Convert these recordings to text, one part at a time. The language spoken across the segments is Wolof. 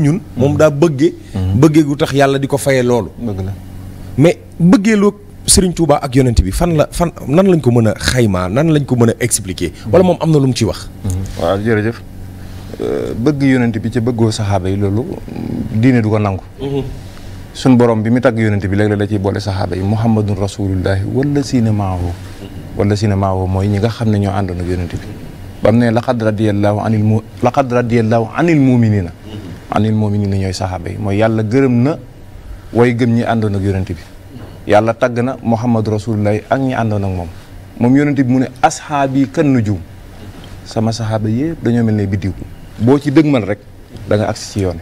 ñun moom daa bëgge mhm. bëggee gu tax yàlla di ko fayee loolu mais bëggeeloo Serigne Touba ak yonent bi fan la fan nan lañ ko mën a xaymaa nan lañ ko mën a expliquer wala moom am na lu mu ci wax mhm. waaw jërëjëf euh, bëgg yonent bi ci bëggoo saxaaba yi loolu diine du ko nangu mhm. suñ borom bi mu tàgg yonent bi léeg-léeg da ciy boole saxaaba yi muhammadun rasulullahi wala sina mooy ñi nga xam ne ñoo àndoon ak yonent bi mu ne laqad radiyallahu anil mu moom anil mu'minina ñooy saxaaba yi mooy yàlla gërëm na way gëm ñi àndoon ak yonent bi yàlla tagg na muhammad rasulullah ak ñi àndoon ak moom moom yonent bi mu ne asxaab yi kan nujum sama saxaaba yëpp dañoo mel ne biddiw boo ci dëgmal rek da nga si ci yoone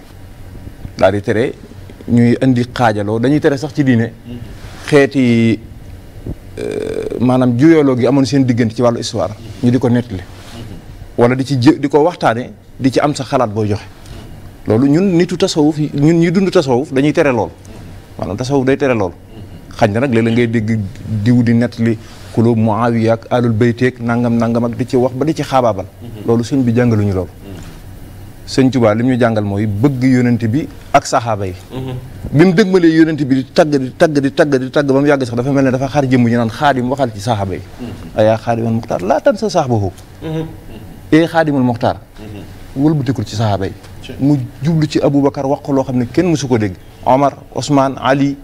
daal di tere ñuy indi xaajaloo dañuy tere sax ci diine xeeti euh, maanaam juyaloo gi amoon seen diggante ci wàllu histoire ñu di ko nettali wala di ci di ko waxtaane di ci am sa xalaat booy joxe loolu ñun nitu tasawuf ñun ñi dund tasawuf dañuy tere lool maanaam tasawuf day tere lool xañ na nag léeg-léeg ngay dégg diw di nettali kulóob Muawiya ak alul bayteeg nangam nangam ak di ci wax ba di ci xaabaabal loolu suñ bi jàngaluñu loolu sëñ Tuubaa li mu ñu jàngal mooy bëgg yonent bi ak saxaaba yi bi mu dëgmalee yonent bi di tagg di tagg di tagg di tagg ba mu yàgg sax dafa mel ne dafa xaar jëmm ñu naan xaadim waxal ci saxaaba yi mm-hmm. ayaa xaadimal muxtaar laa tan sa sax boobu mm-hmm. ee xaadimal muxtaar mm-hmm. wëlbatikul ci sahaaba yi mu jublu ci aboubacar wax ko loo xam ne kenn mësu ko dégg omar osmaan ali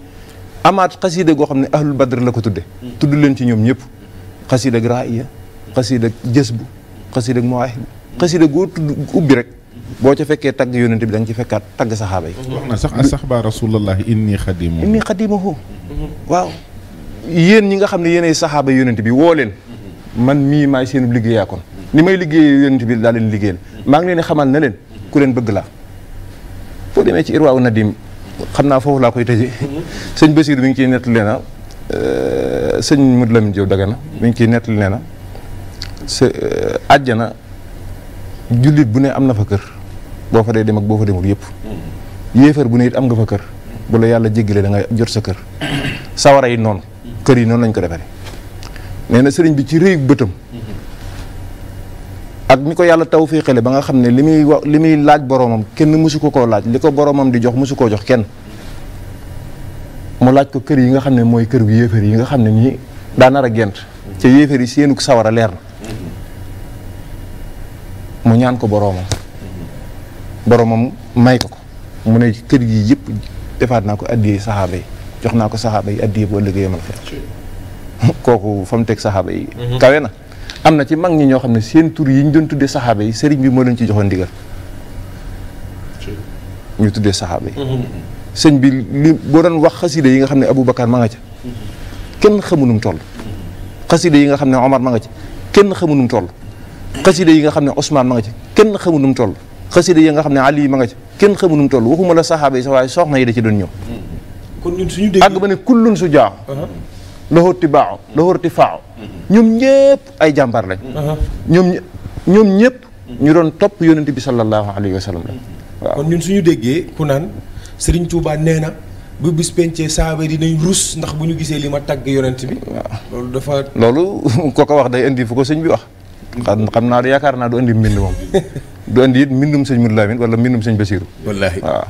amaat xasiida goo xam ne ahlul badr la ko tudde tudd leen ci ñoom ñëpp xasiida ak raaya xasiida ak jësbu xasiida ak mawaahib xasiida goo tudd ubbi rek boo ca fekkee tagg yonent bi da nga ci fekkaat tagg saxaaba yi. wax na sax asax ba rasulallah inni xadimahu inni xadimahu waaw yéen ñi nga xam ne yéenay saxaaba yonent bi woo leen. man mii maay seen liggéeyaakoon. ni may liggéey yonent bi daa leen liggéeyal maa ngi leen xamal na leen ku bëgg la foo demee ci xam naa foofu laa koy tëjee sëñ Basiir ngi ciy nettali nee na euh, sëñ Modou Lamine Diop Dagana ngi ciy nettali nee na sa euh, bu ne am na fa kër boo fa dee dem ak boo fa demul yëpp mm-hmm. yéefar bu ne it am nga fa kër mm-hmm. bu la yàlla jéggalee da nga jot sa kër mm-hmm. sawara yi noonu kër yi noonu lañ ko defaree nee sëriñ bi ci réy bëtam ak ni ko yàlla taw fii xale ba nga xam ne li muy wa laaj boroomam kenn mësu ko koo laaj li ko boroomam di jox mësu koo jox kenn mu laaj ko kër yi nga xam ne mooy kër gu yéefar yi nga xam ne ñii daa nar a gént ca yéefar yi seenug leer na mu ñaan ko boroomam boroomam may ko ko mu kër gi yëpp defaat naa ko addiyee saxaaba yi jox naa ko saxaaba yi addiyee boo liggéey man kooku fa mu teg saxaaba yi mhm. kawe na am na ci mag ñi ñoo xam ne seen tur yi ñu doon tuddee saxaaba yi sëriñ bi moo leen ci joxoon ndigal ñu tuddee saxaaba yi sëñ bi li boo doon wax xasida yi nga xam ne Aboubacar ma nga ca kenn xamunum toll xasida yi nga xam ne Omar ma nga ca kenn xamunum toll xasida yi nga xam ne Ousmane ma nga ca kenn xamunum toll xasida yi xam ne Ali ma nga ca kenn xamunum toll waxuma la saxaaba yi sax waaye soxna yi da ci doon ñëw kon ñun suñu dégg àgg ba ne kullun su jaaxo uh-huh. loxooti baaxo loxooti faaxo ñoom ñëpp ay jàmbaar lañ. ñoom ñoom ñëpp. ñu doon topp yonent bi sallallahu alayhi wa sallam kon ñun suñu déggee ku naan Serigne tuubaat nee na bu bis pencee saaba yi dinañ rus ndax bu ñu gisee li ma tàgg yonent bi. waaw loolu dafa. loolu ko ko wax day indi fu ko sëñ bi wax. xam xam naa yaakaar naa du indi mbind moom du indi it mbindum sëñ Mourou Lamine wala mbindum sëñ Basiirou. wallaahi waaw.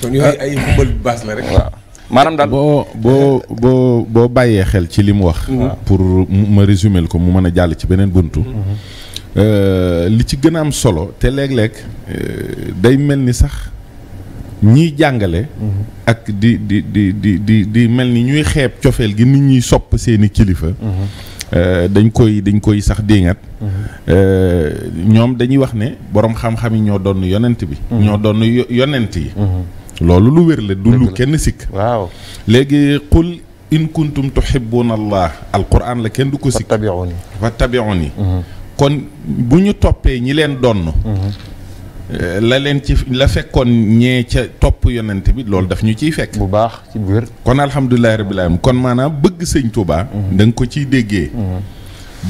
kon yooyu ay xumbal baas waaw maanaam daal boo boo boo bàyyee xel ci li mu wax. Mhm. Ah. pour ma résumer ko mu mën a jàll ci beneen buntu. Mhm. Euh, li ci gën a am solo te léeg-léeg euh, day mel ni sax ñiy jàngale. Mhm. ak di di di di di di mel ni ñuy xeeb cofeel gi nit ñuy sopp seeni kilifa. Euh, dañ koy dañ koy sax diingat ñoom dañuy wax ne boroom xam-xam yi ñoo doon yonent bi. ñoo doon yonent yi. loolu lu wér la du lu kenn sikk waaw léegi qul in kuntum tuhibbuna allah alquran la kenn du ko sikk fattabi'uni yi mhm. kon bu ñu toppee ñi leen donn mhm. eh, la leen ci la fekkoon ñee ca topp yonent bi loolu daf ñu ciy fekk bu baax ci bu wér kon alhamdulilahi rabbil alamin kon maanaam bëgg sëñ Tuubaa mhm. da nga ko ciy déggee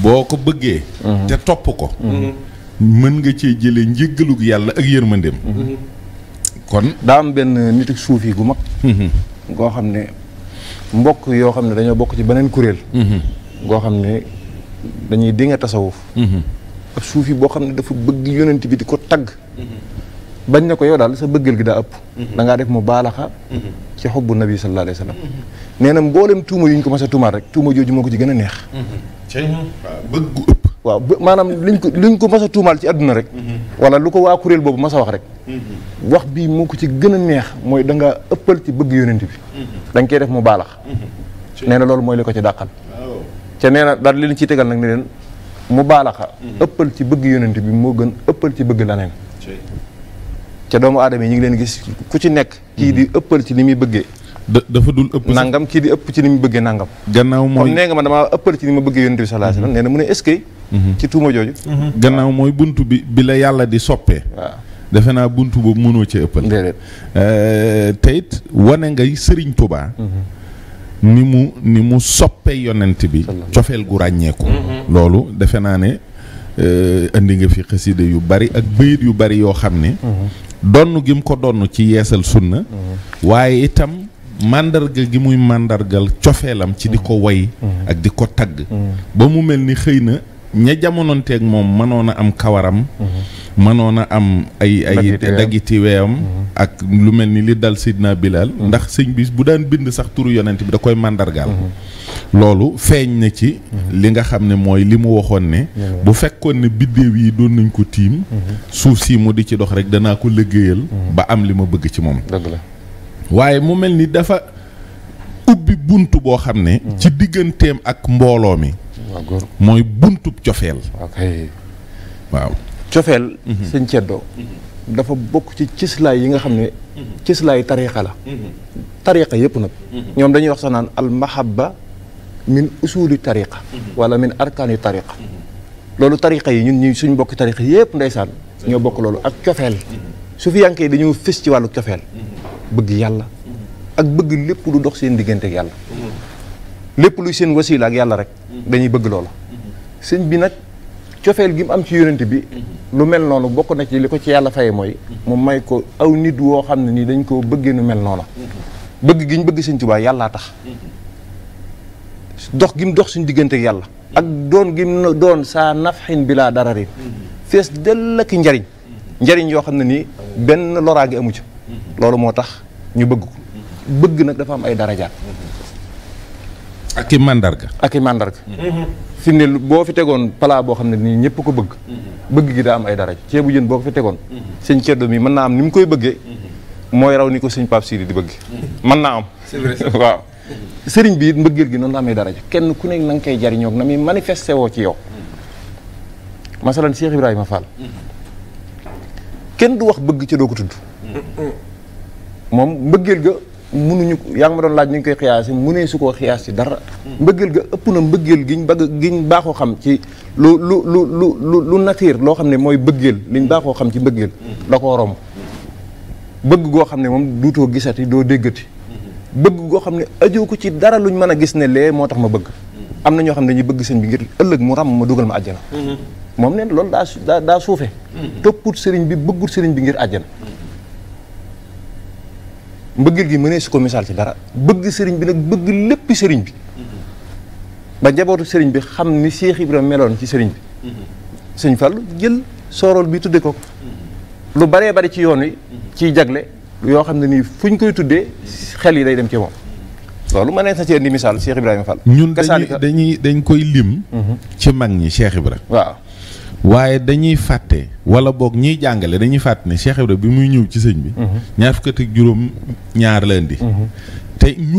boo ko bëggee te topp ko mën nga cee jële njëggalug yàlla ak yërmandeem kon daa am benn nit ak suufi gu mag. Mhm. goo xam ne mbokk yoo xam ne dañoo bokk ci beneen kuréel. Mhm. goo xam ne dañuy dinga tasawuf. Mhm. ak suufi boo xam ne dafa bëgg yonent bi di ko tagg. bañ na ko yow daal sa bëggal gi daa ëpp. dangaa def mu baalaxa. ci xobbu nabi sallallahu alayhi wa sallam. nee na mboolem tuuma yu ko mas a tuumaat rek tuuma jooju moo ko ci gën a neex. waaw maanaam liñ ko liñ ko mas a tuumaal ci àdduna rek. Mhm. wala lu ko waa kuréel boobu mas a wax rek. Mhm. wax bii moo ko ci gën a neex mooy da nga ëppal ci bëgg yonent bi. Mhm. da koy def mu baalax. nee na loolu mooy li ko ci dàqal. Oh. te nee li leen ciy tegal nag ne leen mu baalaxa. ci bëgg yonent bi moo gën ëppal ci bëgg leneen. ca doomu aadama yi ñu ngi leen gis ku ci nekk. kii di ëppal ci li muy bëggee. dafa dul ëpp nangam kii di ëpp ci ni muy bëggee nangam. gannaaw mooy comme ëppal ci ni ma bëggee yonent bi sallallahu alayhi wasallam nee na mu ci tuuma jooju. gannaaw mooy buntu bi bila yàlla di soppee. defe naa buntu boobu mënoo ci ëppal. déedéet euh, te it wane ngay Serigne Touba. Mm-hmm. ni mu ni mu soppe yonent bi. cofeel gu ràññeeku. Mm-hmm. loolu defe naa ne indi euh, nga fi xasida yu bari ak bayit yu bari yoo xam ne. Mm-hmm. donn gi mu ko donn ci yeesal sunna. waaye itam. màndarga gi muy màndargal cofeelam ci di ko way ak di ko tagg ba mu mel ni xëy na ña jamonoonteeg moom mënoon a am kawaram. Mhm. mënoon a am ay ay daggiti weeyam mhm. ak lu mel ni li dal Sidna Bilal. Mhm. ndax sëñ bi bu daan bind sax turu yonent bi da koy màndargaal. loolu feeñ na ci. li nga xam ne mooy li mu waxoon ne. bu fekkoon ne biddéew yi doon nañ ko tiim. suuf si mu di ci dox rek danaa ko liggéeyal. ba am li ma bëgg ci moom. dëgg waaye mu mel ni dafa ubbi bunt boo xam ne. ci digganteem ak mbooloo mi. mooy buntu cofeel waaw cofeel mhm. sëñ ceddoo mhm. dafa bokk ci cislaay yi nga xam ne mhm. cislaay tariqa la tariqa yëpp nag ñoom dañuy wax sax naan al mahabba min usuli tariqa wala min arkaani tariqa loolu tariqa yi ñun ñi suñ bokki tariqa yëpp ndeysaan ñoo bokk loolu ak cofeel su fi yankee dañoo fës ci wàllu cofeel bëgg yàlla ak bëgg lépp lu dox seen diggante ak yàlla lépp luy seen wasiila ak yàlla rek dañuy bëgg loolu sëñ bi nag cofeel gi mu am ci yonent bi lu mel noonu bokk na ci li ko ci yàlla faye mooy mu may ko aw nit woo xam ne nii dañ koo bëggee nu mel noonu bëgg gi ñu bëgg sëñ Tuubaa yàllaa tax dox gi mu dox suñu diggante yàlla ak doon gi mu doon saa nafxin bi laa dara rin fees dell ak njariñ njariñ yoo xam ne nii benn loraa gi amu ci loolu moo tax ñu bëgg ko bëgg nag dafa am ay darajaat ak i mandarga. ak i mandarga. fi ne boo fi tegoon plat boo xam ne nii ñëpp ko bëgg. bëgg gi daa am ay dara ceebu jën boo ko fi tegoon. sëñ ceddo mi mën naa am ni mu koy bëggee. mooy raw ni ko sëñ Pape Sidi di bëgg. mën naa am. waaw. sëriñ bi it mbëggeel gi noonu la amee dara kenn ku nekk na nga koy jariñoo na muy manifesté woo ci yow. masalan Cheikh Ibrahima Fall. kenn du wax bëgg ca doo ko tudd. moom mbëggeel ga. mënuñu yaa ngi ma doon laaj ni ñu koy mu ne su koo xiyaas ci dara. Hmm. mbëggeel ga ëpp na mbëggeel gi bëgg giñ baaxoo xam ci lu lu lu lu lu nature loo xam ne mooy bëggeel liñ hmm. baaxoo xam ci mbëggeel. Hmm. da koo romb bëgg goo xam ne moom dutoo gisati doo déggati. bëgg goo xam ne ajoo ko ci dara luñ mën a gis ne lee moo tax ma bëgg. am na ñoo xam ne dañuy bëgg sëñ bi ngir ëllëg mu ràmm ma dugal ma àjjana. moom neen loolu daa daa daa suufe topput sëriñ bi bëggut sëriñ bi ngir àjjana. mbëggeel gi mënee su ko misaal ci dara bëgg sëriñ bi nag bëgg lépp sëriñ bi ba njabootu sëriñ bi xam ni Cheikh Ibrahima meloon ci sëriñ bi sëñ Fall jël soorool bi tudde ko lu baree bari ci yoon yi ciy jagle yoo xam ne nii fu ñu koy tuddee xel yi day dem ci moom lu ma ne sa ci indi misaal Cheikh Ibrahima Fall ñun dañuy dañ koy lim mhm. ci mag ñi Cheikh Ibrahima waaw waaye dañuy fàtte wala boog ñiy jàngale dañuy fàtte ne Cheikh Ibra bi muy ñëw ci sëñ bi. Mhm. ñaar fukk ak juróom ñaar la indi. Mhm.